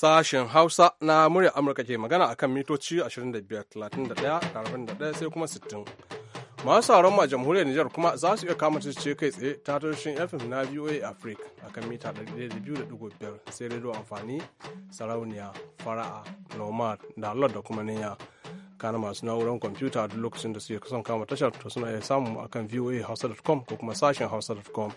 Sashen Hausa na murya Amurka ke magana a kan mitoci 25-31-41 sai kuma 60. Masu sauran ma jamhuriyar Nijar kuma za su iya kama ce kai tsaye ta tashin FM na VOA Africa a kan mita 200.5 sai rediyo amfani sarauniya fara'a nomad da Allah da kuma niyya. kana masu na'urar kwamfuta duk lokacin da suke son kama tashar to suna iya samu akan voahausa.com ko kuma sashen hausa.com.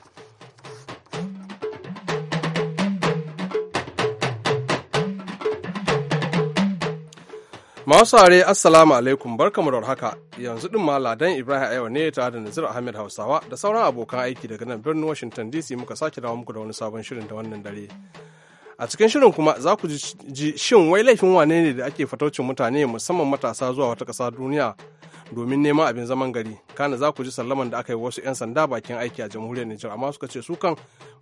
Masu are assalamu alaikum barkamu da haka yanzu din ma ladan Ibrahim ayewa ne tare da Nazir Ahmed Hausawa da sauran abokan aiki daga nan birnin Washington DC muka sake dawo muku da wani sabon shirin da wannan dare. A cikin shirin kuma za ku ji shin wai laifin wane ne da ake fataucin mutane musamman matasa zuwa wata ƙasa duniya domin neman abin zaman gari. Kana za ku ji sallaman da aka yi wasu 'yan sanda bakin aiki a jamhuriyar Nijar amma suka ce su kan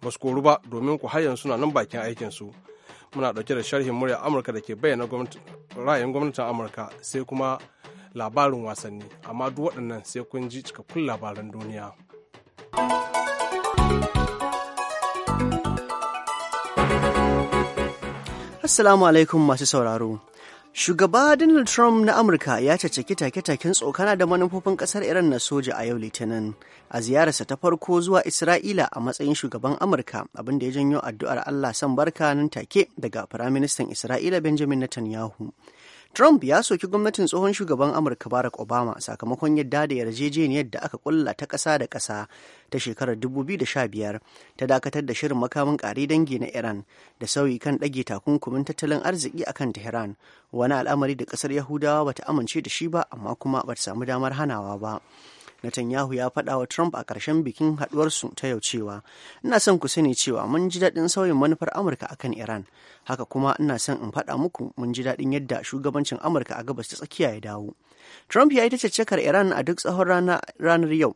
ba su koru ba domin ku har yanzu suna nan bakin aikinsu. su. muna ɗauke da sharhin murya amurka da ke bayyana ra'ayin gwamnatin amurka sai kuma labarin wasanni amma duk waɗannan sai kun ji cikakkun labaran duniya assalamu alaikum masu sauraro Shugaba Donald Trump na Amurka ya caceki take-taken tsokana da manufofin kasar Iran na soja a yau Litinin a ziyararsa ta farko zuwa Isra'ila a matsayin shugaban Amurka abinda ya janyo addu'ar Allah san barka nan take daga Firaministan Isra'ila Benjamin Netanyahu. Trump ya soki gwamnatin tsohon shugaban Amurka Barack Obama sakamakon yadda da yarjejeniyar da aka kulla ta ƙasa da ƙasa ta shekarar 2015 ta dakatar da shirin makamin ƙari dangi na Iran da sauyi kan ɗage takunkumin tattalin arziki akan Tehran, wani al'amari da ƙasar Yahudawa bata amince da shi ba amma kuma bata samu damar hanawa ba. Netanyahu ya faɗa wa Trump a ƙarshen bikin haɗuwarsu ta yau cewa, "Ina son ku sani cewa mun ji daɗin sauyin manufar Amurka akan Iran, haka kuma ina son in faɗa muku mun ji daɗin yadda shugabancin Amurka a gabas ta tsakiya ya dawo." Trump ya yi ta caccakar Iran a duk tsawon ranar yau,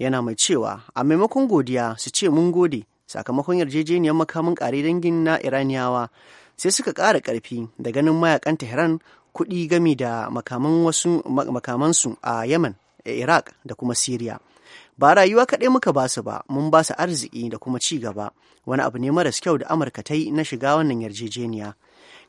yana mai cewa, "A maimakon godiya su ce mun gode, sakamakon yarjejeniyar makamin ƙare dangin na Iraniyawa, sai suka ƙara ƙarfi da ganin mayakan Tehran kuɗi gami da makamansu a Yemen Eh, iraq da kuma syria ba rayuwa kaɗai muka ba su ba mun ba su arziki da kuma ci gaba wani abu ne maras kyau da amurka ta yi na shiga wannan yarjejeniya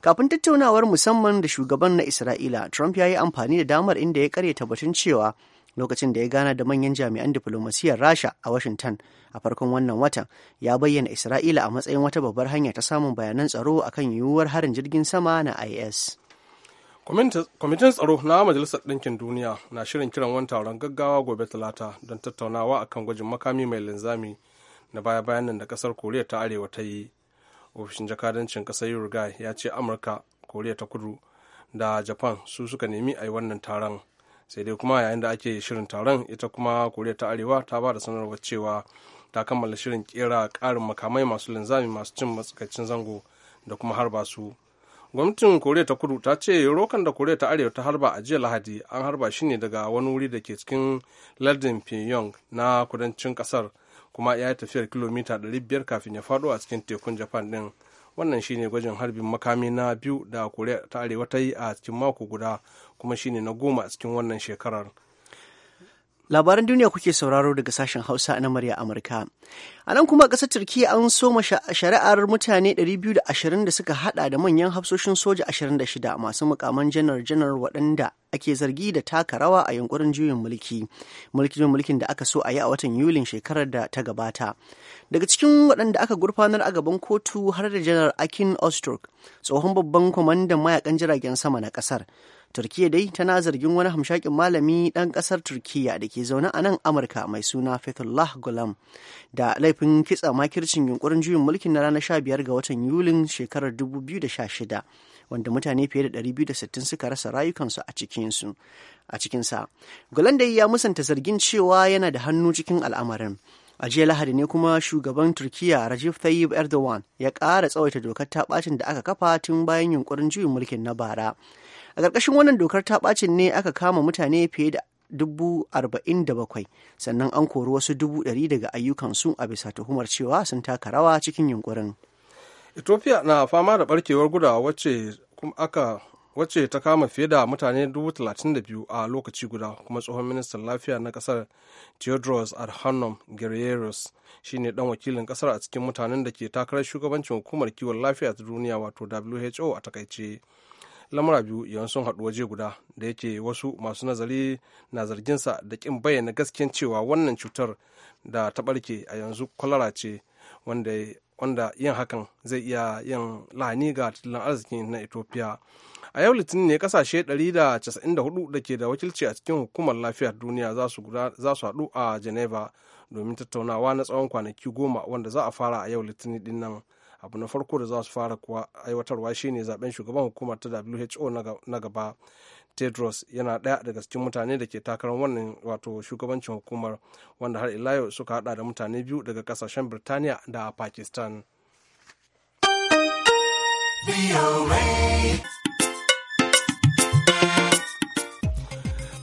kafin tattaunawar musamman da shugaban na isra'ila trump ya yi amfani da damar inda ya karyata batun cewa lokacin da ya gana da manyan jami'an diflomasiyyar rasha a washington a farkon wannan watan ya bayyana isra'ila a matsayin wata babbar hanya ta samun bayanan tsaro akan yiwuwar harin jirgin sama na is kwamitin tsaro na majalisar ɗinkin duniya na shirin kiran wani taron gaggawa gobe talata don tattaunawa akan gwajin makami mai linzami na baya bayan nan da kasar koriya ta arewa ta yi ofishin jakadancin kasar uruguay ya ce amurka koriya ta kudu da japan su suka nemi a yi wannan taron sai dai kuma yayin da ake shirin taron ita kuma koriya ta arewa ta ba da sanarwar cewa ta kammala shirin kera karin makamai masu linzami masu cin matsakaicin zango da kuma harba su gwamnatin koriya ta kudu ta ce rokan da koriya ta arewa ta harba a jiya lahadi an harba shi ne daga wani wuri da ke cikin lardin pyongyang na kudancin kasar kuma ya yi tafiyar kilomita 500 kafin ya faɗo a cikin tekun japan din wannan shi ne gwajin harbin makami na biyu da koriya ta arewa ta yi a cikin mako guda kuma shi ne na goma a cikin wannan shekarar Labaran duniya kuke sauraro daga sashen Hausa na murya Amurka. A nan kuma ƙasar turki an soma shari'ar mutane 220 da suka hada da manyan hafsoshin soja 26 masu mukaman janar-janar waɗanda ake zargi da taka rawa a yunkurin juyin mulki. Mulkin mulkin da aka so a yi a watan Yulin shekarar da ta gabata. Daga cikin waɗanda aka gurfanar a gaban kotu har da janar Akin Osturk, tsohon babban kwamandan mayakan jiragen sama na ƙasar. turkiyya dai tana zargin wani hamshakin malami ɗan ƙasar Turkiyya da ke zaune a nan amurka mai suna fethullah gulam da laifin kitsa makircin yunkurin juyin mulkin na ranar 15 ga watan yulin shekarar 2016 wanda mutane fiye da 260 suka rasa rayukansu a cikinsu a cikinsa gulam dai ya musanta zargin cewa yana da hannu cikin al'amarin a jiya lahadi ne kuma shugaban Turkiyya Rajiv tayyip erdogan ya ƙara tsawaita dokar ta ɓacin da aka kafa tun bayan yunkurin juyin mulkin na bara a ƙarƙashin wannan dokar ta ɓacin ne aka kama mutane fiye da dubu arba'in da bakwai sannan an kori wasu dubu ɗari daga ayyukansu a bisa tuhumar cewa sun taka rawa cikin yunkurin ethiopia na fama da barkewar gudawa wacce aka wacce ta kama fiye da mutane biyu a lokaci guda kuma tsohon ministan lafiya na kasar theodoros adhanom guerreros shi ne dan wakilin kasar a cikin mutanen da ke takarar shugabancin hukumar kiwon lafiya ta duniya wato who a takaice lamura biyu yawan sun haɗu waje guda da yake wasu masu nazari na zarginsa da ƙin bayyana gaskiyan cewa wannan cutar da ta ɓarke a yanzu kwalara ce wanda yin hakan zai iya yin lahani ga tattalin arziki na ethiopia a yau litinin ne kasashe 194 da ke da wakilci a cikin hukumar lafiyar duniya za su haɗu a geneva domin tattaunawa na tsawon kwanaki goma wanda za a fara a yau litinin dinnan. abu na farko da za su fara kuwa aiwatarwa shine zaben shugaban hukumar ta who na gaba tedros yana ɗaya daga cikin mutane da ke takarar wannan wato shugabancin hukumar wanda har ila yau suka hada da mutane biyu daga kasashen birtaniya da pakistan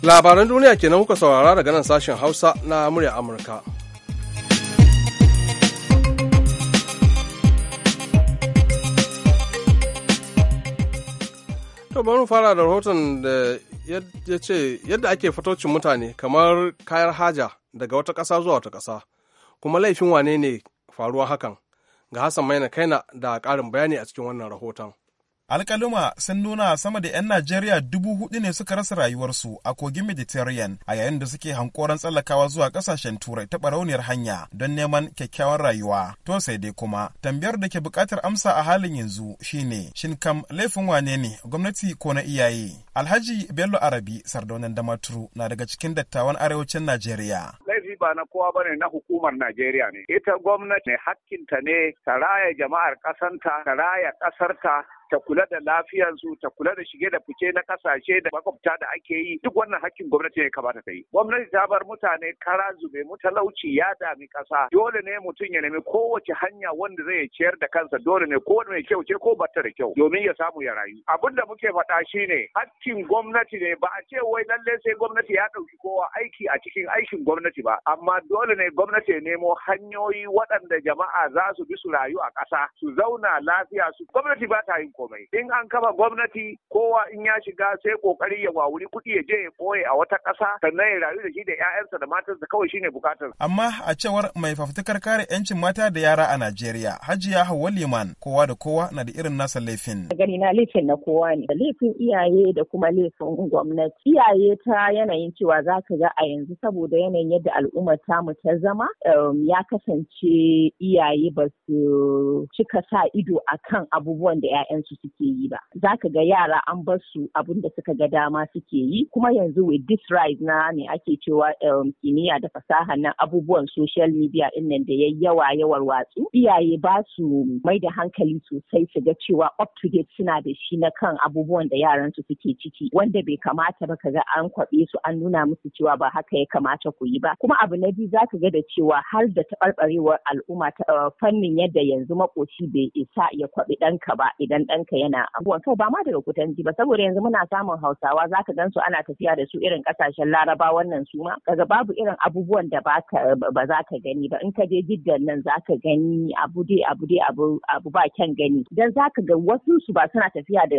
labaran duniya kenan kuka saurara daga nan sashen hausa na murya amurka To bari fara da rahoton da ya ce yadda ake fatocin mutane kamar kayar haja daga wata ƙasa zuwa wata ƙasa, kuma laifin wane ne faruwa hakan ga Hassan Maina Kaina da ƙarin bayani a cikin wannan rahoton. alkaluma sun nuna sama da 'yan najeriya dubu hudu ne suka rasa rayuwarsu a kogin mediterranean a yayin da suke hankoran tsallakawa zuwa ƙasashen turai ta barauniyar hanya don neman kyakkyawan rayuwa to sai dai kuma tambayar da ke buƙatar amsa a halin yanzu shine shin kam laifin wane ne gwamnati ko na iyaye alhaji bello arabi sardaunan damaturu na daga cikin dattawan arewacin najeriya laifi ba na kowa ba ne na hukumar najeriya ne ita gwamnati ne hakkinta ne ta raya jama'ar ƙasanta ta raya ƙasarta ta kula da lafiyar su ta kula da shige da fice na kasashe da makwabta da ake yi duk wannan hakkin gwamnati ne kamata ta yi gwamnati ta bar mutane kara zube mu talauci ya dami kasa dole ne mutum ya nemi kowace hanya wanda zai ciyar da kansa dole ne ko mai kyau ce ko bata da kyau domin ya samu ya rayu abin da muke faɗa shine hakkin gwamnati ne ba a ce wai lalle sai gwamnati ya ɗauki kowa aiki a cikin aikin gwamnati ba amma dole ne gwamnati ya nemo hanyoyi waɗanda jama'a za su bi su rayu a ƙasa su zauna lafiya su gwamnati ba ta yin komai in an kafa gwamnati kowa in ya shiga sai kokari ya wawuri kuɗi ya je ya koye a wata ƙasa sannan ya rayu da shi da 'ya'yansa da matarsa kawai shine bukatar amma a cewar mai fafutukar kare 'yancin mata da yara a Najeriya Hajiya Hauwa Liman kowa da kowa na da irin nasa laifin gani na laifin na kowa ne laifin iyaye da kuma laifin gwamnati iyaye ta yanayin cewa za ka ga a yanzu saboda yanayin yadda al'ummar mu ta zama um, ya kasance iyaye ba su cika sa ido akan abubuwan da 'ya'yansu su suke yi ba za ka ga yara an bar su abin da suka ga dama suke yi kuma yanzu with this rise na ne ake cewa um, kimiyya da fasaha na abubuwan social media din nan da yayi yawa yawar watsu iyaye ba su mai da hankali sosai su ga cewa up to date suna da shi na kan abubuwan da yaran su suke ciki wanda bai kamata ba ka ga an kwaɓe su an nuna musu cewa ba haka ya kamata ku yi ba kuma abu na biyu za ka ga da cewa har da taɓarɓarewar al'umma ta uh, fannin yadda yanzu makoci bai isa ya kwabi ɗanka ba idan ɗan ɗanka yana abuwa kai ba ma daga kutanci ba saboda yanzu muna samun hausawa za ka gansu ana tafiya da su irin ƙasashen laraba wannan su ma kaga babu irin abubuwan da ba za ka gani ba in ka je jiddan nan za ka gani abu dai abu dai abu ba kyan gani dan za ka ga wasu su ba suna tafiya da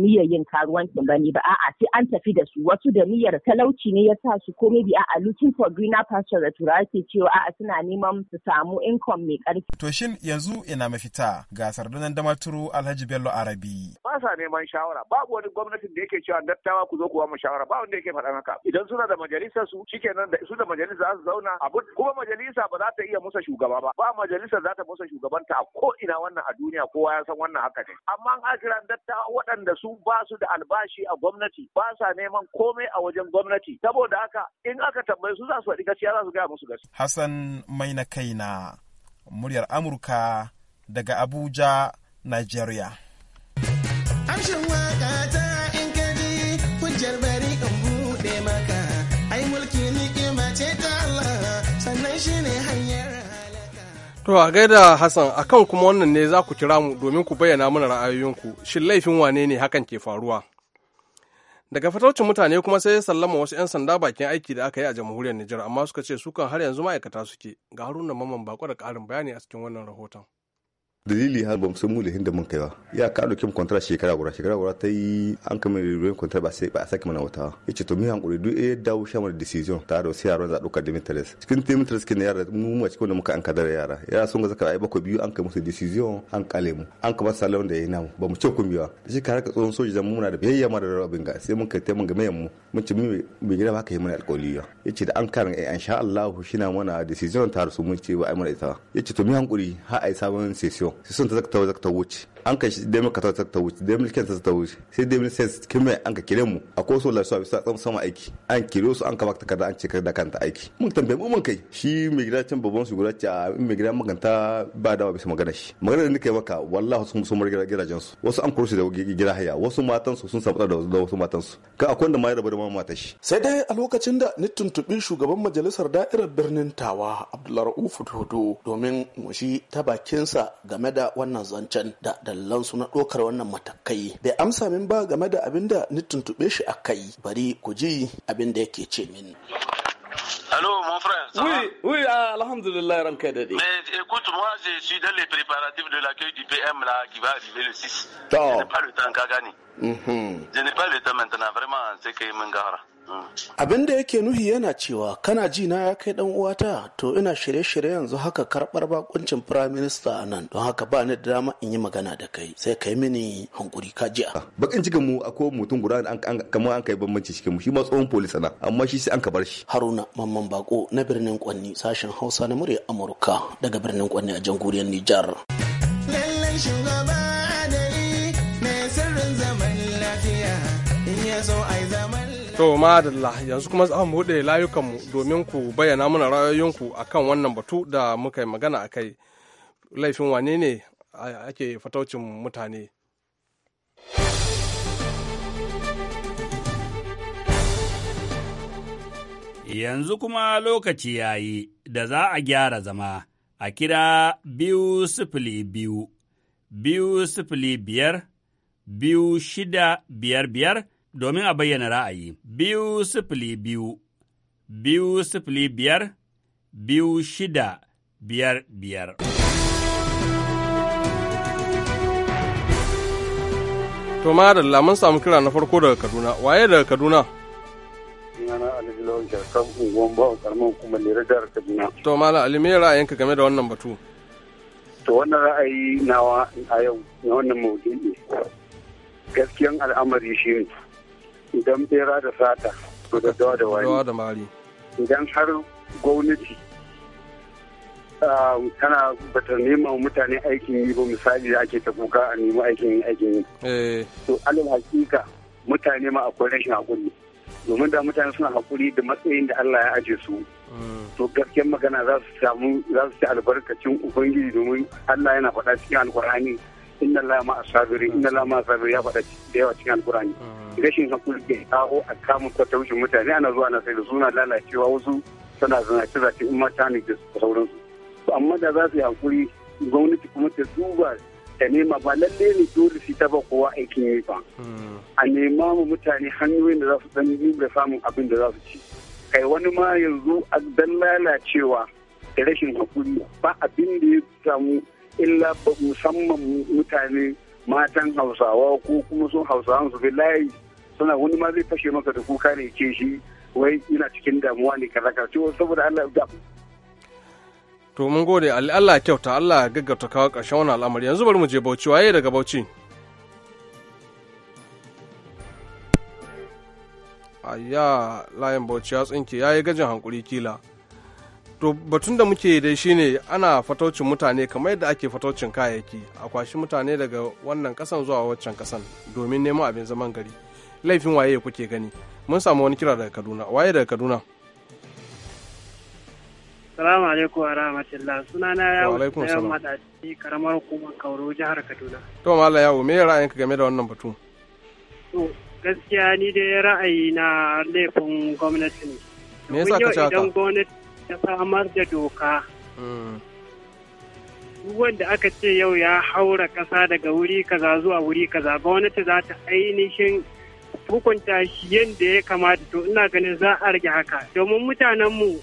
niyyar yin karuwancin ni ba a'a sai an tafi da su wasu da niyyar talauci ne ya sa su ko bi a'a looking for greener pasture da turawa ke cewa a'a suna neman su samu income mai karfi To shin yanzu ina mafita ga sardunan damaturu Alhaji Bello Arabi. Ba sa neman shawara, babu wani gwamnatin da yake cewa dattawa ku zo ku mu shawara, ba wanda yake faɗa maka Idan suna da majalisa su, shikenan da su da majalisa za su zauna, abu kuma majalisa ba za ta iya musa shugaba ba, ba majalisa za ta musa shugabanta a ko ina wannan a duniya kowa ya san wannan haka ne. Amma an kira dattawa waɗanda su ba su da albashi a gwamnati, ba sa neman komai a wajen gwamnati. Saboda haka in aka tambaye su za su faɗi gaskiya za su gaya musu gaskiya. Hassan mai na kaina muryar Amurka daga Abuja, Nigeria. Harshen waka in ka ji in buɗe maka. Ai mulki ce ta sannan shi hanyar To a gaida Hassan akan kuma wannan ne za ku kira mu domin ku bayyana mana ra'ayoyinku shin laifin wane ne hakan ke faruwa. Daga fataucin mutane kuma sai ya sallama wasu 'yan sanda bakin aiki da aka yi a jamhuriyar Nijar amma suka ce sukan har yanzu ma'aikata suke ga haruna mamman bako da ƙarin bayani a cikin wannan rahoton. dalili har bamu san mu lehin mun kai ba ya ka dauki mu kwantara shekara gura shekara gura ta yi an kama rubuyin kwantara ba sai ba a saki mana wata ya ce to mu hankuri duk ya dawo sha mana decision tare da wasu yaran za a dauka dimitris cikin dimitris kin yara mu mu cikin da muka an kadar yara yara sun ga zaka ai bakwai biyu an kai musu decision an kale mu an kaba salon da yayi namu ba mu ce kun biya biwa shi ka tsohon soji zan muna da biyayya ma da rabin ga sai mun kai ta mun ga mayan mu mun ce mu bai gida ba ka yi mana alƙawari ya ce da an karin ai eh, insha Allah shi na mana decision tare su mun ce ba ai mana ita ya ce to mu hankuri har ai sabon session 60 za ka wuce an kai shi demil katar ta wuce demil kenta ta wuce sai demil sai cikin mai an ka kire mu a ko solar su a bisa tsam sama aiki an kire su an ka baka takarda an cikar da kanta aiki mun tambaye mu mun kai shi mai gida can babban su guda a mai gida maganta ba dawa bisa magana shi magana da nake maka wallahi sun sun margira gidajen su wasu an kursu da gida haya wasu matan su sun samu da wasu matan su ka akwai da ma ya rabu da matan shi sai dai a lokacin da ni tuntubi shugaban majalisar da'irar birnin Tawa abdullahi rufu dodo domin mu shi ta bakinsa game da wannan zancen da dalilan su na ɗaukar wannan matakai bai amsa min ba game da abin da ni tuntuɓe shi a kai bari ku ji abin da yake ce min. Hello, mon frère, ça oui, va Oui, ah, alhamdulillah, Ranka Dadi. Mais écoute, moi, je suis dans les préparatifs de l'accueil du PM là, qui va arriver le 6. Oh. Je n'ai pas le temps, Kagani. Mm -hmm. Je n'ai pas le temps maintenant, vraiment, c'est que Mangara. abin da yake nuhi yana cewa kana ji na ya kai dan uwata to ina shirye-shirye yanzu haka karbar bakuncin prime minister a nan don haka ba ni da dama in yi magana da kai sai kai mini hankuri ka ji bakin cikin mu akwai mutum guda an kamar an kai bambanci cikin mu shi ma tsohon police na amma shi sai an ka bar shi haruna mamman bako na birnin kwanni sashen hausa na murya amurka daga birnin kwanni a jamhuriyar nijar lallan shugaba To madalla yanzu kuma za mu buɗe layukanmu domin ku bayyana mana ra'ayoyinku akan wannan batu da muka yi magana a kai. Laifin wane ne ake fataucin mutane? Yanzu kuma lokaci ya yi da za a gyara zama a kira biyu sifili biyu, biyu sifili biyar, biyu shida biyar biyar domin a bayyana ra'ayi. Biyu sifili biyu, biyu sifili biyar, biyu shida biyar biyar. To madalla mun samu kira na farko daga Kaduna, waye daga Kaduna? Sunana Alhaji Lawan Jakar Unguwan Bawa To Malam Ali me ra'ayinka game da wannan batu? To wannan ra'ayi nawa a yau na wannan maudu'i gaskiyan al'amari shi ne idan bera da sata da dawa da wari da mari idan har gwamnati tana bata nema mutane aikin yi ba misali da ake ta kuka a nemi aikin aikin yi eh. to alal hakika mutane ma akwai rashin hakuri domin da mutane suna hakuri da matsayin da Allah ya aje su mm. to gaskiyar magana za su samu za su ci albarkacin ubangiji domin Allah yana faɗa cikin alkur'ani inna la ma asabiri inna la ma asabiri ya faɗa da yawa cikin alkurani mm. rashin hakuri ke kawo a kamun wucin mutane ana zuwa na sai da suna lalacewa wasu suna zanace zace in mata ne da sauransu amma da za su yi hakuri gwamnati kuma ta duba ta nema ba lalle ne dole su ta ba kowa aikin yi ba mm. a nema mu mutane hanyoyin da za su san da samun abin da za su ci kai wani ma yanzu a dan lalacewa da rashin hakuri ba abin da ya samu illa musamman mutane matan hausawa ko kuma sun Hausawa su layi suna wani ma zai fashe maka da kuka ne ke shi wai ina cikin damuwa ne kaza ka to saboda Allah ya to mun gode Allah kyauta Allah ya gaggauta kawo ƙarshen wani al'amari yanzu bari mu je Bauchi waye daga Bauchi ayya layin Bauchi ya tsinke yayi gajin hankuri kila to batun da muke dai shine ana fatocin mutane kamar yadda ake fatocin kayayyaki a kwashi mutane daga wannan kasan zuwa waccan kasan domin neman abin zaman gari laifin waye kuke gani mun samu wani kira daga kaduna waye daga kaduna salamu alaikum wa rahmatullah sunana yawo da yawon matashi karamar hukumar kauro jihar kaduna to mala yawo me ra'ayinka game da wannan batu to gaskiya ni dai ra'ayi na laifin gwamnati ne me yasa ka ce haka ta samar da doka hmm. duk wanda aka ce yau ya haura ƙasa daga wuri kaza zuwa wuri kaza gwamnati za ta ainihin hukunta shi yadda ya kamata to ina ganin za a rage haka domin mutanenmu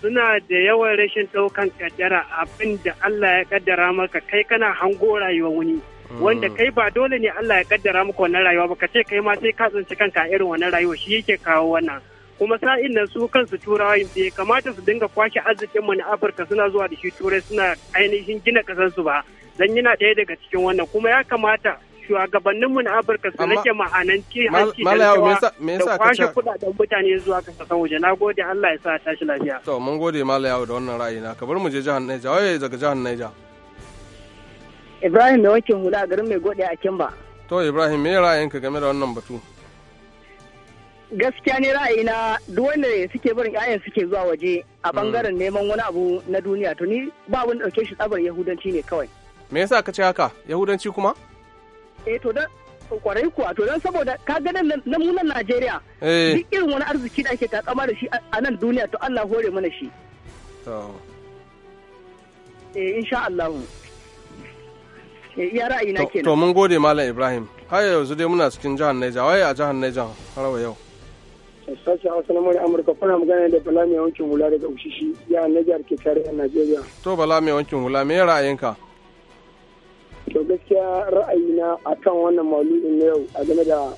suna da yawan rashin ɗaukan kaddara abin da Allah ya kaddara maka kai kana hango rayuwa wani hmm. wanda kai ba dole ne Allah ya kaddara maka wannan rayuwa ba ka ce kai ma sai ka tsinci kanka irin wannan rayuwa shi yake kawo wannan kuma sa'in nan su kansu turawa bai kamata su dinga kwashe arzikin mu na afirka suna zuwa da shi turai suna ainihin gina kasansu ba dan yana ɗaya daga cikin wannan kuma ya kamata shugabanninmu na Afirka su nake ma'ananci hanci da kwashe kudaden mutane zuwa kasashen waje. Na gode Allah ya sa tashi lafiya. To mun gode Malayawa da wannan ra'ayi na. Ka bar mu je jihar Naija. Waye daga jihar Naija? Ibrahim da wakil hula a garin mai gode a Kimba. To Ibrahim me ra'ayinka game da wannan batu? gaskiya ne ra'ayina duk wanda suke barin 'ya'yan suke zuwa waje a bangaren mm. neman wani abu na duniya to ni ba wani ɗauke shi tsabar yahudanci ne kawai me yasa ka ce haka yahudanci kuma eh to da kwarai kuwa to dan saboda ka ga nan namunan Najeriya eh. duk irin wani arziki da ake takama da shi a nan duniya to Allah hore mana shi to eh insha Allah eh, iya ra'ayina kenan to mun gode malam Ibrahim har yanzu dai muna cikin jihar naija waye a jihar naija har yau sashen Hausa na Mari Amurka kuna magana da Bala mai wankin hula daga Ushishi ya na jihar ke tare a Najeriya. To Bala mai wankin hula me ra'ayinka? To gaskiya ra'ayina kan wannan maulidin na yau a game da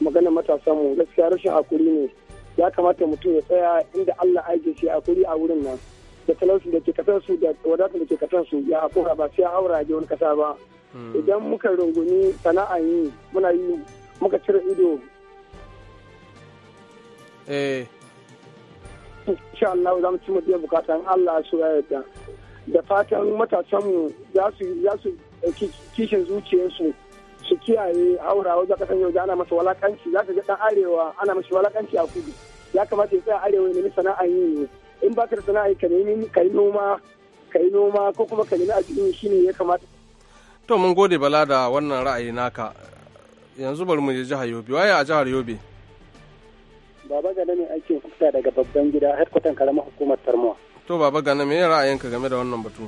magana matasa mu gaskiya rashin hakuri ne ya kamata mutum ya tsaya inda Allah aike shi hakuri a wurin nan da talauci da ke kasar su da wadatar da ke kasar su ya hakura ba sai haura wani kasa ba hmm. idan muka rungumi sana'a yi muna yi muka cire ido eh insha Allah za mu ci mu biyan bukata Allah ya da fatan matasan mu za su za kishin zuciyarsu su kiyaye aurawa za ka san yau ana masa walakanci za ka ga dan arewa ana masa walakanci a kudu ya kamata ya tsaya arewa ne sana'a yi in ba ka da sana'a ka nemi ka yi noma ka yi noma ko kuma ka nemi a cikin shi ne ya kamata to mun gode bala da wannan ra'ayi naka yanzu bari mu je jihar yobe waye a jihar yobe Baba Gana ne ake hukuta daga babban gida headquarter karamar hukumar Tarmuwa. To Baba Gana me ra'ayinka game da wannan batu?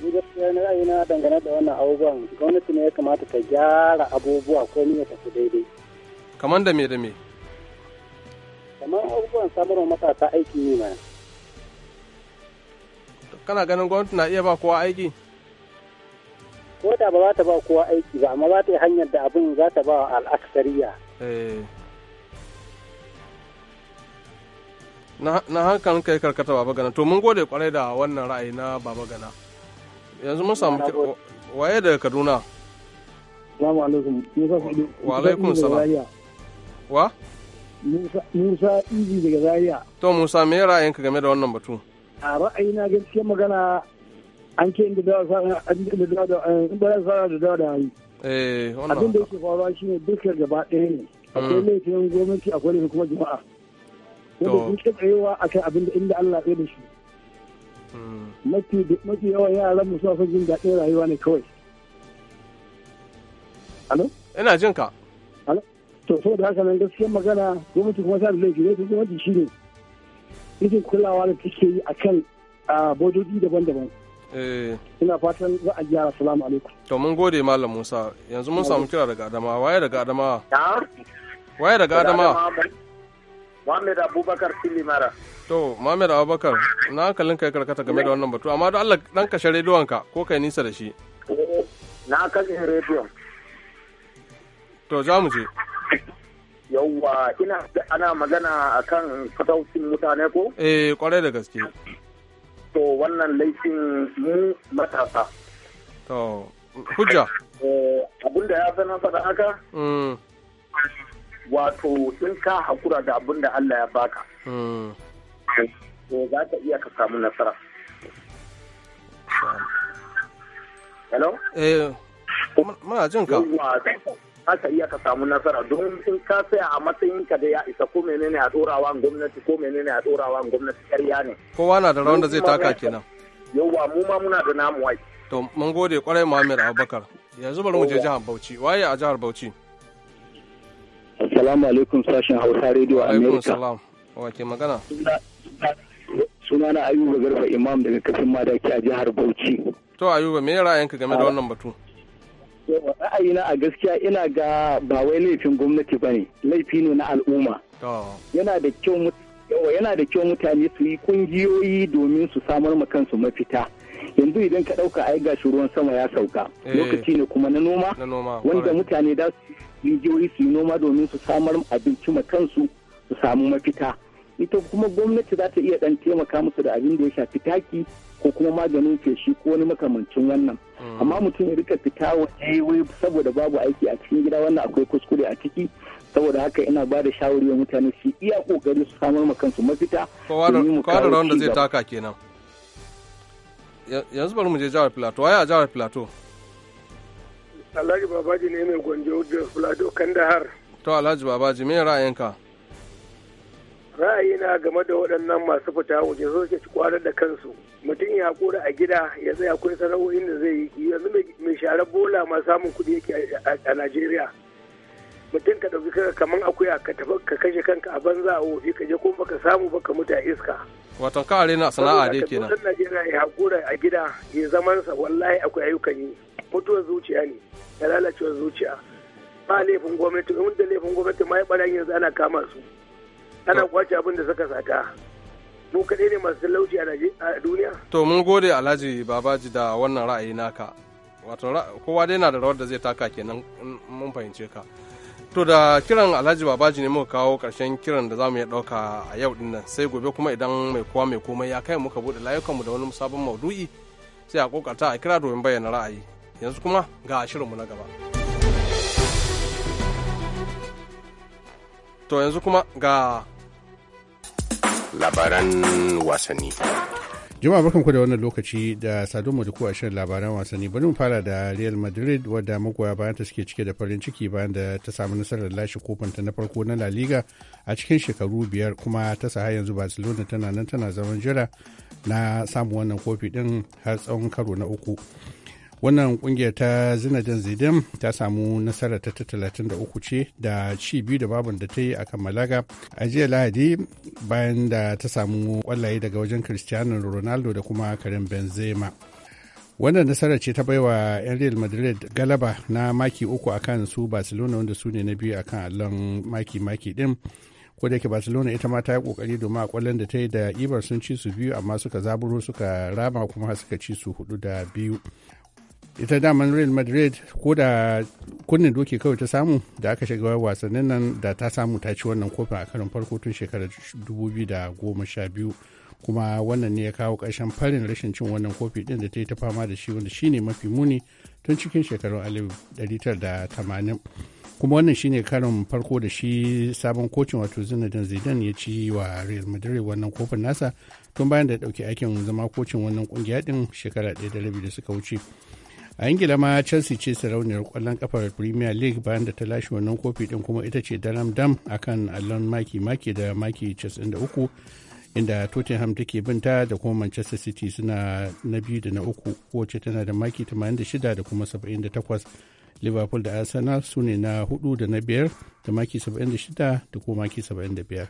Ni gaskiya na ra'ayina dangane da wannan abubuwan gwamnati ne ya kamata ta gyara abubuwa ko ni ya tafi daidai. Kamar da me da me? Kamar abubuwan wa matasa aiki ne ma. Kana ganin gwamnati na iya ba kowa aiki? ko da ba za ta ba kowa aiki ba amma za ta yi hanyar da abin za ta ba al'aksariya eh. na hankalin kai karkata baba gana to mun gode kwarai da wannan ra'ayi na baba gana yanzu mun samu waye daga kaduna wa alaikum salam wa musa izi daga zaria to musa me ka game da wannan batu a ra'ayi na gaskiya magana an ce inda dawa sa eh, da dawa da hari eh, abin da yake faruwa shine duka gaba ɗaya ne akwai mm. laifin gwamnati akwai laifin kuma jama'a a kai inda Allah ya da shi hmm. mafi yaran mu suna son jin rayuwa ne kawai alo ina jin ka alo to da haka nan gaskiyar magana gwamnati kuma ta da gwamnati shi ne nufin kulawa da take yi a kan bodoji daban-daban eh. ina fatan za a gyara salamu alaikum to mun gode malam musa yanzu mun samu kira daga Adama waye daga Adama. waye daga Adama. Muhammad Abubakar Kilimara. To, Mohamed Abubakar, na hankalin kai karkata game da wannan batu, amma don Allah dan kashe rediyonka ko kai nisa da shi. Eh, na kashe rediyon. To, za mu je. Yawwa, ina ana magana kan fataucin mutane ko? Eh, kwarai da gaske. To, wannan laifin mu matasa. To, hujja. Eh, Abin da ya zana fata haka? Mm. wato sun ka hakura da abin da Allah ya baka hmm. to za ka iya ka samu nasara hello eh muna jin ka aka iya ka samu nasara don sun ka tsaya a matsayin ka da ya isa ko menene a dorawa gwamnati ko menene a dorawa gwamnati ƙarya ne kowa na da rawan da zai taka kenan yauwa mu ma muna da namu wai to mun gode kwarai Muhammad Abubakar yanzu bari mu je jihar Bauchi waye a jihar Bauchi Assalamu alaikum sashen Hausa Radio America. Wa ke magana? na Ayuba Garba Imam daga kafin madaki a jihar Bauchi. To Ayuba me ra'ayinka game da wannan batu? ra'ayina a gaskiya ina ga ba wai laifin gwamnati bane laifi ne na al'umma yana da kyau yana da kyau mutane su yi kungiyoyi domin su samar ma kansu mafita yanzu idan ka dauka ai gashi ruwan sama ya sauka eh. lokaci ne kuma na noma wanda mutane da su rijiyoyi su yi noma domin su samar abinci ma kansu su samu mafita ita kuma gwamnati za ta iya dan taimaka musu da abin da ya shafi taki ko kuma maganin feshi ko wani makamancin wannan hmm. amma mutum ya rika fita waje wai saboda babu aiki a cikin gida wannan akwai kuskure a ciki saboda haka ina ba da shawari wa mutane su iya kokari su samar ma kansu mafita kowa da rawan zai taka kenan yanzu bari mu je jihar plateau waye a jihar plateau Alhaji Babaji ne mai gwanjo da Fulado Kandahar. To Alhaji Babaji me ra'ayinka? Ra'ayina game da waɗannan masu fita waje su suke kwarar da kansu. Mutum ya kura a gida ya tsaya akwai sana'o'in da zai yi yanzu mai sharar bola ma samun kuɗi yake a Najeriya. mutum ka ɗauki kanka kamar akuya ka tafi ka kashe kanka a banza a wofi ka je kuma baka samu baka mutu a iska wato ka are na sana'a dai kenan wannan Najeriya ya hakura a gida ya zaman sa wallahi akwai ayyukan yi mutuwar zuciya ne da lalacewar zuciya ba laifin gwamnati in da laifin gwamnati ma ya ɓarayin yanzu ana kama su ana kwace abin da suka sata mu kaɗai ne masu talauci a duniya. To mun gode Alhaji Babaji da wannan ra'ayi naka. Wato kowa dai na da rawar da zai taka kenan mun fahimce ka. To da kiran Alhaji Babaji ne muka kawo ƙarshen kiran da zamu iya ɗauka a yau dinnan sai gobe kuma idan mai kowa mai komai ya kai muka buɗe layukanmu da wani sabon maudu'i sai a kokarta a kira domin bayyana ra'ayi. Yanzu kuma ga shirinmu na gaba. To yanzu kuma ga labaran wasanni. Jama'a ku da wannan lokaci da sadonmu da kuwa a shirin labaran wasanni bari mu fara da Real Madrid wadda magoya bayan ta suke cike da farin ciki bayan da ta samu nasarar lashe kofanta na farko na La Liga a cikin shekaru biyar kuma ta saha yanzu Barcelona tana nan tana zaman jira na samun wannan kofi din har tsawon karo na uku. wannan kungiyar ta zinadin zidane ta samu nasara ta 33 ce da ci biyu da babin da ta yi akan malaga a jiya lahadi bayan da ta samu kwallaye daga wajen cristiano ronaldo da kuma karim benzema wannan nasara ce ta baiwa 'yan real madrid galaba na maki uku akan su barcelona wanda su ne na biyu akan allon maki-maki din ko da yake barcelona ita ma ta yi kokari domin a kwallon da ta yi da ibar sun ci su biyu amma suka zaburo suka rama kuma suka ci su hudu da biyu ita daman real madrid ko da kunnen doki kawai ta samu da aka shiga wasannin nan da ta samu ta ci wannan kofin a karin farko tun shekarar 2012 kuma wannan ne ya kawo ƙarshen farin rashin cin wannan kofi din da ta yi ta fama da shi wanda shine mafi muni tun cikin shekarun 1980 kuma wannan shine karin farko da shi sabon kocin wato zinedine zidane ya ci wa real madrid wannan kofin nasa tun bayan da ya ɗauki aikin zama kocin wannan kungiya din shekara ɗaya da rabi da suka wuce a ingila ma chelsea ce sarauniyar kwallon kafar premier league bayan da ta lashe wannan kofi din kuma ita ce daram dam akan allon maki maki da maki 93 inda tottenham take binta da kuma manchester city suna na biyu da na uku kowace tana da maki 86 da kuma 78 liverpool da arsenal su ne na hudu da na biyar da maki 76 da kuma maki 75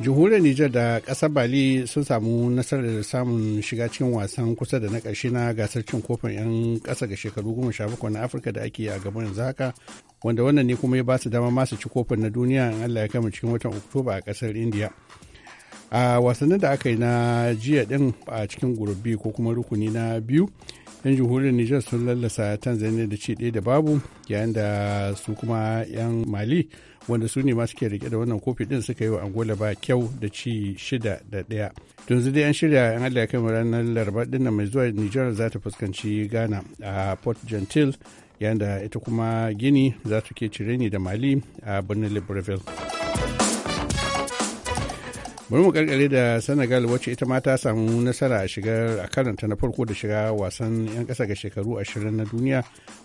jamhuriyar nijar da kasar bali sun samu nasarar samun shiga cikin wasan kusa da na karshe na gasar cin kofin 'yan kasa ga shekaru goma sha bakwai na afirka da ake a gaban yanzu haka wanda wannan ne kuma ya ba su dama masu ci kofin na duniya in allah ya kama cikin watan oktoba a kasar indiya a wasannin da aka yi na jiya din a cikin gurubi ko kuma rukuni na biyu yan jamhuriyar nijar sun lallasa tanzania da ci ɗaya da babu yayin da su kuma yan mali wanda su ne masu ke rike da wannan kofi din suka yi wa angola ba kyau da ci shida da ɗaya yanzu dai an shirya an allah kai ranar laraba din mai zuwa nijar za ta fuskanci ghana a port gentil yayin ita kuma gini za ta ke cire ni da mali a birnin libreville bari mu karkare da senegal wacce ita ma ta samu nasara a shigar a karanta na farko da shiga wasan 'yan kasa ga shekaru ashirin na duniya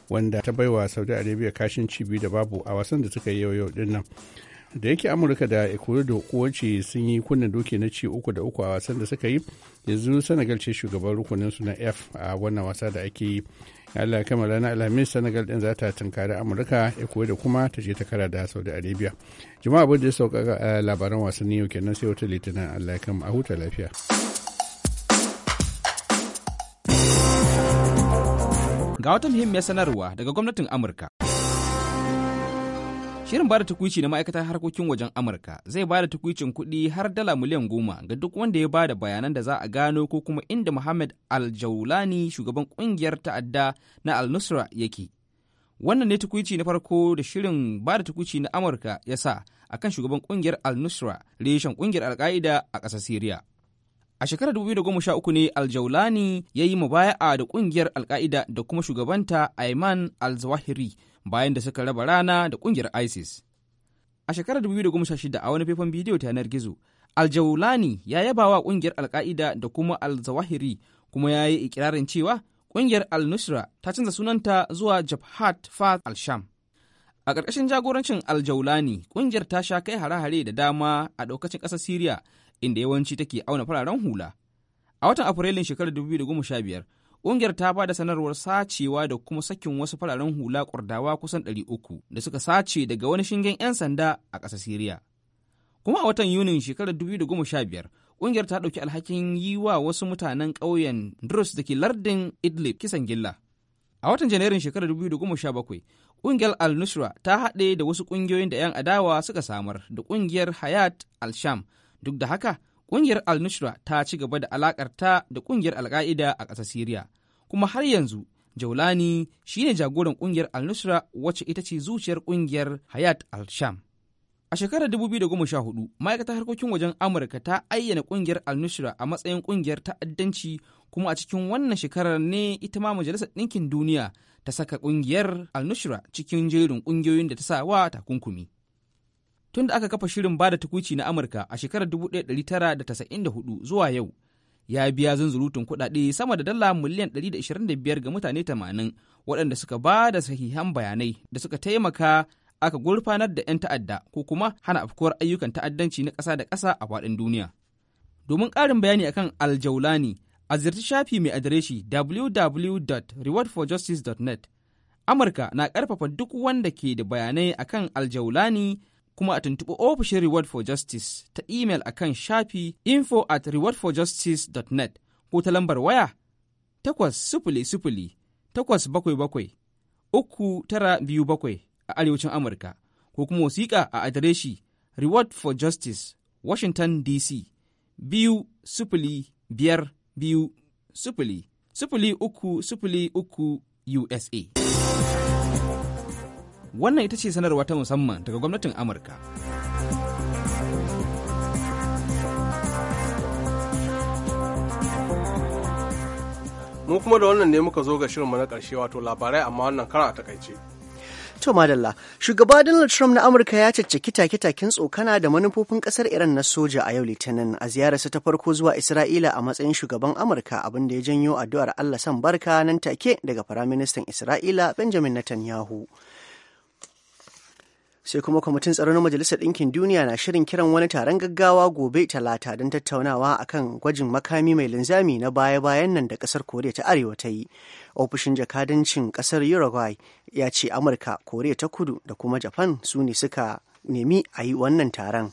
wanda ta baiwa saudi arabia kashin cibi da babu a wasan da suka yi yau yau din nan da yake amurka da ecuador kowace sun yi kunnen doki na ci uku da uku a wasan da suka yi yanzu senegal ce shugaban rukunin su na f a wannan wasa da ake yi Allah ya lana Allah alhamis Senegal din za ta tunkari Amurka koyi da kuma ta je ta kara da Saudi Arabia. Jama'a abin da ya sauka eh, labaran wasanni yau kenan sai wata litinin Allah ya kama a huta lafiya. Ga wata muhimmiyar sanarwa daga gwamnatin Amurka. Shirin bada tukuici na ma'aikatar harkokin wajen Amurka zai ba da tukuicin kuɗi har dala miliyan goma ga duk wanda ya bada bayanan da za a gano ko kuma inda Muhammad aljaulani shugaban ƙungiyar ta'adda na Al-Nusra yake. Wannan ne tukuici na farko da shirin ba da tukuici na Amurka ya sa akan shugaban kungiyar Al-Nusra reshen ƙungiyar Al-Qaida a ƙasar Siriya. A shekarar 2013 ne al ya yi mubaya'a da kungiyar Al-Qaida da kuma shugabanta Ayman Al-Zawahiri bayan da suka raba rana da kungiyar isis a shekarar 2016 a wani faifan bidiyo ta yanar gizo aljawulani ya yaba wa ƙungiyar alka'ida da kuma al-zawahiri kuma ya yi ikirarin cewa kungiyar al-nusra ta canza sunanta zuwa jabhat fat al-sham a ƙarƙashin jagorancin aljaulani kungiyar ta sha kai hare-hare da dama a ɗaukacin ƙasar siriya inda yawanci take auna fararen hula a watan afrilun shekarar 2015 Ƙungiyar ta ba da sanarwar sacewa da kuma sakin wasu fararen hula ƙurdawa kusan 300 da suka sace daga wani shingen 'yan sanda a ƙasar Siriya. Kuma a watan Yunin shekarar 2015, ƙungiyar ta ɗauki alhakin yi wa wasu mutanen ƙauyen Drus da ke lardin Idlib kisan gilla. A watan Janairun shekarar 2017, ƙungiyar Al-Nusra ta haɗe da wasu ƙungiyoyin da 'yan adawa suka samar da ƙungiyar Hayat al-Sham. Duk da haka, ƙungiyar al-nusra ta ci gaba da alakarta da ƙungiyar al-qaida a ƙasar siriya kuma har yanzu jaulani shine jagoran ƙungiyar al-nusra wacce ita ce zuciyar ƙungiyar hayat al-sham a shekarar 2014 ma'aikatar harkokin wajen amurka ta ayyana ƙungiyar al-nusra a matsayin ƙungiyar ta'addanci kuma a cikin wannan shekarar ne ita ma majalisar ɗinkin duniya ta saka ƙungiyar al-nusra cikin jerin ƙungiyoyin da ta sa wa takunkumi tun da aka kafa shirin bada tukuci na Amurka a shekarar 1994 zuwa yau ya biya zunzurutun kuɗaɗe sama da dala miliyan 125 ga mutane 80 waɗanda suka ba da sahihan bayanai da suka taimaka aka gurfanar da 'yan ta'adda ko kuma hana afkuwar ayyukan ta'addanci na ƙasa da ƙasa a faɗin duniya. Domin ƙarin bayani akan aljaulani a ziyarci shafi mai adireshi www.rewardforjustice.net Amurka na ƙarfafa duk wanda ke da bayanai akan aljaulani kuma a tuntuɓi ofishin Reward for Justice ta email a kan shafi info at rewardforjustice.net ko ta lambar waya takwas sifili sifili takwas bakwai a arewacin Amurka ko kuma wasiƙa a adireshi Reward for Justice Washington DC biyu sifili biyar biyu sifili sufuli uku sufuli uku USA. Wannan ita ce sanarwa ta musamman daga gwamnatin Amurka. Mu kuma da wannan ne muka zo ga shirinmu na ƙarshe wato labarai amma wannan kara a takaice. To madalla, shugaba Donald Trump na Amurka ya caccaki take-taken tsokana da manufofin kasar Iran na soja a yau Litinin a ziyararsa ta farko zuwa Isra'ila a matsayin shugaban Amurka abin da ya janyo addu'ar Allah san barka nan take daga Firaministan Isra'ila Benjamin Netanyahu. sai kuma kwamitin tsaro na majalisar ɗinkin duniya na shirin kiran wani taron gaggawa gobe talata don tattaunawa a kan gwajin makami mai linzami na baya-bayan nan da ƙasar koriya ta arewa ta yi ofishin jakadancin ƙasar uruguay ya ce amurka koriya ta kudu da kuma japan su ne suka nemi a yi wannan taron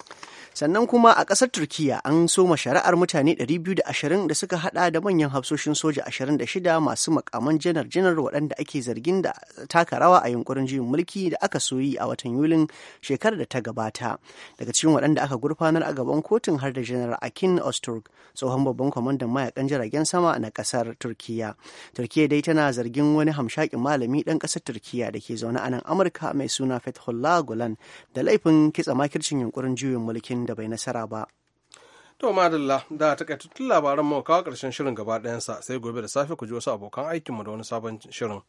sannan kuma a ƙasar turkiya an soma shari'ar mutane 220 da suka hada da manyan hafsoshin soja 26 masu makaman janar-janar waɗanda ake zargin da taka rawa a yunkurin juyin mulki da aka soyi a watan yulin shekarar da ta gabata daga cikin waɗanda aka gurfanar a gaban kotun har da janar akin osturg tsohon babban kwamandan mayakan jiragen sama na ƙasar turkiya turkiya dai tana zargin wani hamshakin malami ɗan ƙasar turkiya da ke zaune a nan amurka mai suna fethullah gulen da laifin kitsa makircin yunkurin juyin mulkin yayin da bai nasara ba to madalla da ta kai labaran mu kawo karshen shirin gaba ɗayansa sai gobe da safe ku ji wasu abokan aikinmu da wani sabon shirin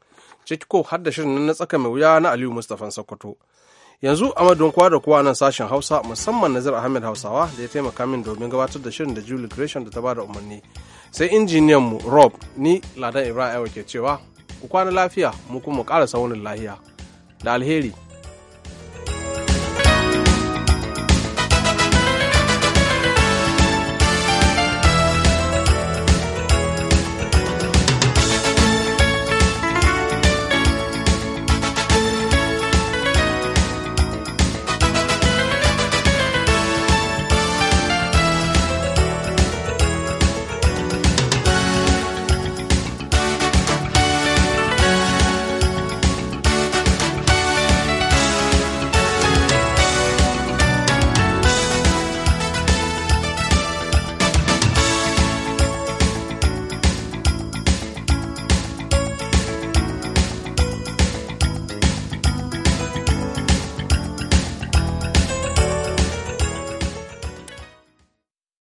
ciki ko har da shirin na tsaka mai wuya na aliyu mustafan sokoto yanzu a madon kowa da kowa nan sashen hausa musamman zai ahmed hausawa da ya taimaka min domin gabatar da shirin da julie gresham da ta bada umarni sai injiniyan mu rob ni ladan ibrahim ke cewa ku kwana lafiya mu kuma mu ƙara saunin lahiya da alheri